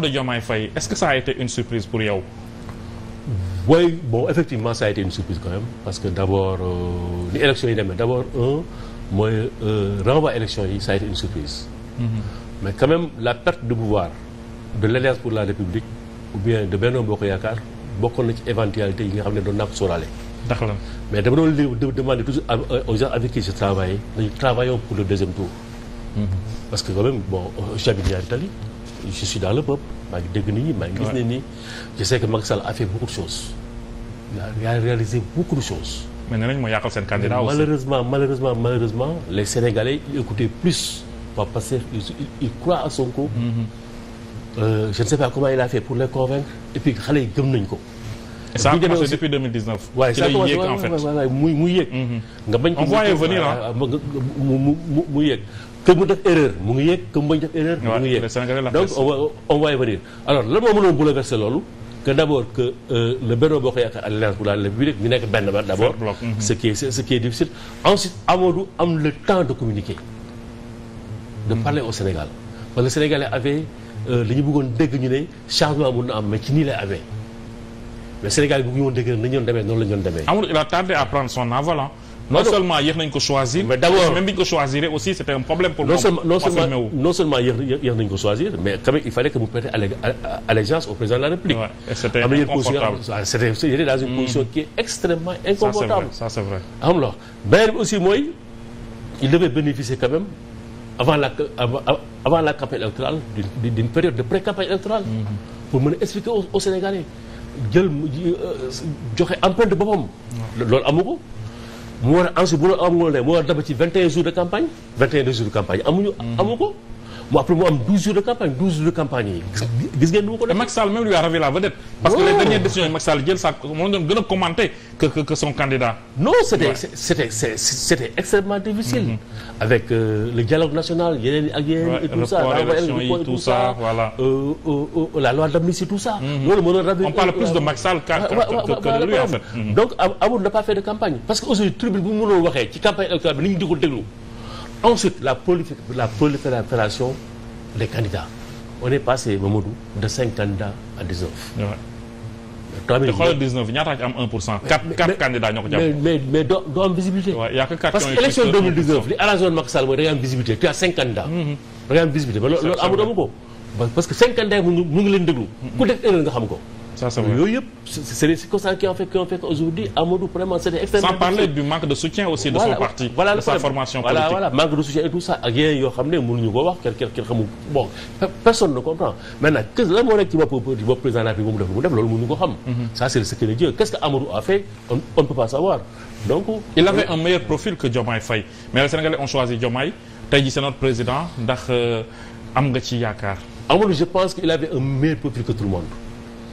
de Diomaye Faye est-ce que ça a été une surprise pour yow. oui bon effectivement ça a été une surprise parce que d'abord euh, ni élection yi demee d'abord un mooy euh, élection yi ça a une surprise. Mm-hmm. mais quand même la perte de pouvoir de l'Alliance pour la République ou bien de Benno Bokk Yaakaar bokkoon na ci éventualité yi nga xam ne doon naa ko sóoraale. mais dama doon li demander toujours euh, aux gens avec qui je travaille nañu travaillons pour je suis dans le peuple maa ngi dégg nit ñi maa ngi gis je sais que Macky a fait beaucoup de choses il a réalisé beaucoup de choses mais nee nañ moo yàqal seen candidat aussi malheureusement malheureusement malheureusement les Sénégalais ils écoutaient plus waa Pastef ils croient à Sonko mm-hmm. euh, comment il a fait pour les convaincre et puis xale yi gëm nañ ko ça a commencé depuis 2019. waaye ça commencé waaw waaw muy muy yéeg. Mhm. nga bañ ko ah, mu voyait venir ah mu mu mu yéeg. que mu def erreur mu ngi yéeg que mu bañ def erreur. mu ngi yéeg donc on voyait venir alors lan moo mënoon bouleverser loolu. que d' abord que euh, le Benno Bokk Yaakaar alliance bu la République ñu nekk benn ba d' abord. Mhm. ce qui est ce qui est difficile. ensuite Amadou am le temps de communiquer. de mhm. parler au Sénégal parce que Sénégalais avait euh, li ñu bëggoon dégg ñu ne changement mun na am mais ci nii lay amee. mais Sénégal yi bu ñu woon dégg nañu doon demee noonu la ñu demee. il a tardé à prendre son envol ah non seulement seulement non seulement non mais il fallait que mu prêter allégeance au président de la République. et c'était ah, une hmm. position qui est extrêmement inconfortable ça c'est vrai il devait bénéficier quand même avant la campagne électorale d'une période de pré électorale. Hmm. pour mën a expliquer aux Sénégalais. jël euh, joxe empreinte boppam. loolu amu ko. mu war a ensuite bu loolu amuloo ne mu war a daba ci 21 jours de campagne 21 jours de campagne amuñu mm. amu ko. mu après mu am 12 jours de campagne 12 jours de campagne yi. gis ngeen lui a ravi la vedette. parce que les oh! dernières décisions yi Macky Sall jël sax moom a commenter que que son candidat. non c'était extrêmement difficile. Mm-hmm. avec euh, le dialogue national yeneen ak et tout ça la loi d'amnistie tout ça. Mm-hmm. loolu moo doon ravi. de Macky que donc amul n'a pas fait de campagne parce que aussi tribune bu mu mënoon waxee ci campagne électorale bi ni ñu di ko Ensuite, la, la prolifération des candidats. On est passé, Mamadou, de 5 candidats à 19. Ouais. 3000 am 1 pour cent. 4 candidats mais doo am visibilité. waaw que 4 parce que élection 2019 li arrangé woon Macky Sall mooy da am visibilité tu as 5 candidats. Mm-hmm. da am visibilité ba loolu amul amu parce que 5 candidats mu mu ngi leen déglu. ku def erreur nga xam ko. ça c'est vrai yooyu yëpp c'est les circonstances qui ont fait qu'aujourd'hui Amadou vraiment c'est extrêmement de soutien aussi de son parti de sa formation politique manque de soutien et tout ça ak yoo xam ne mënuñu ko wax kenn kenn xamul personne ne comprend maintenant que lan ci bopp président la République mu def ko xam mhm. c'est le secret de Dieu qu'est-ce que Amadou a fait on ne peut pas savoir donc il avait un meilleur profil que Diomaye Faye mais les Sénégalais ont choisi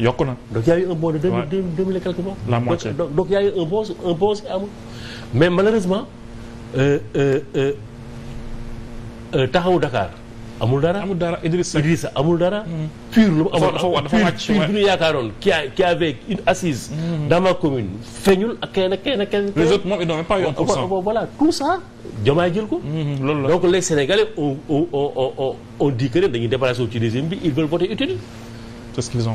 yokk na donc y a eu un bond de deux mille deux mille et quelques morts. la moitié donc donc y a eu un bond amul mais malheureusement euh, euh, euh, taxawu Dakar. amul dara amul dara Idrissa Idrissa amul dara. Mm. pur lu amoon pur lu yaakaaroon qui a qui avait une assise. Mm. dans commune feeñul ak kenn kenn kenn. les autres moom ils n'ont même pas eu 1% voilà tout jël ko. Mm-hmm, loolu la donc les Sénégalais on on on on ci régime bi ils voter utile.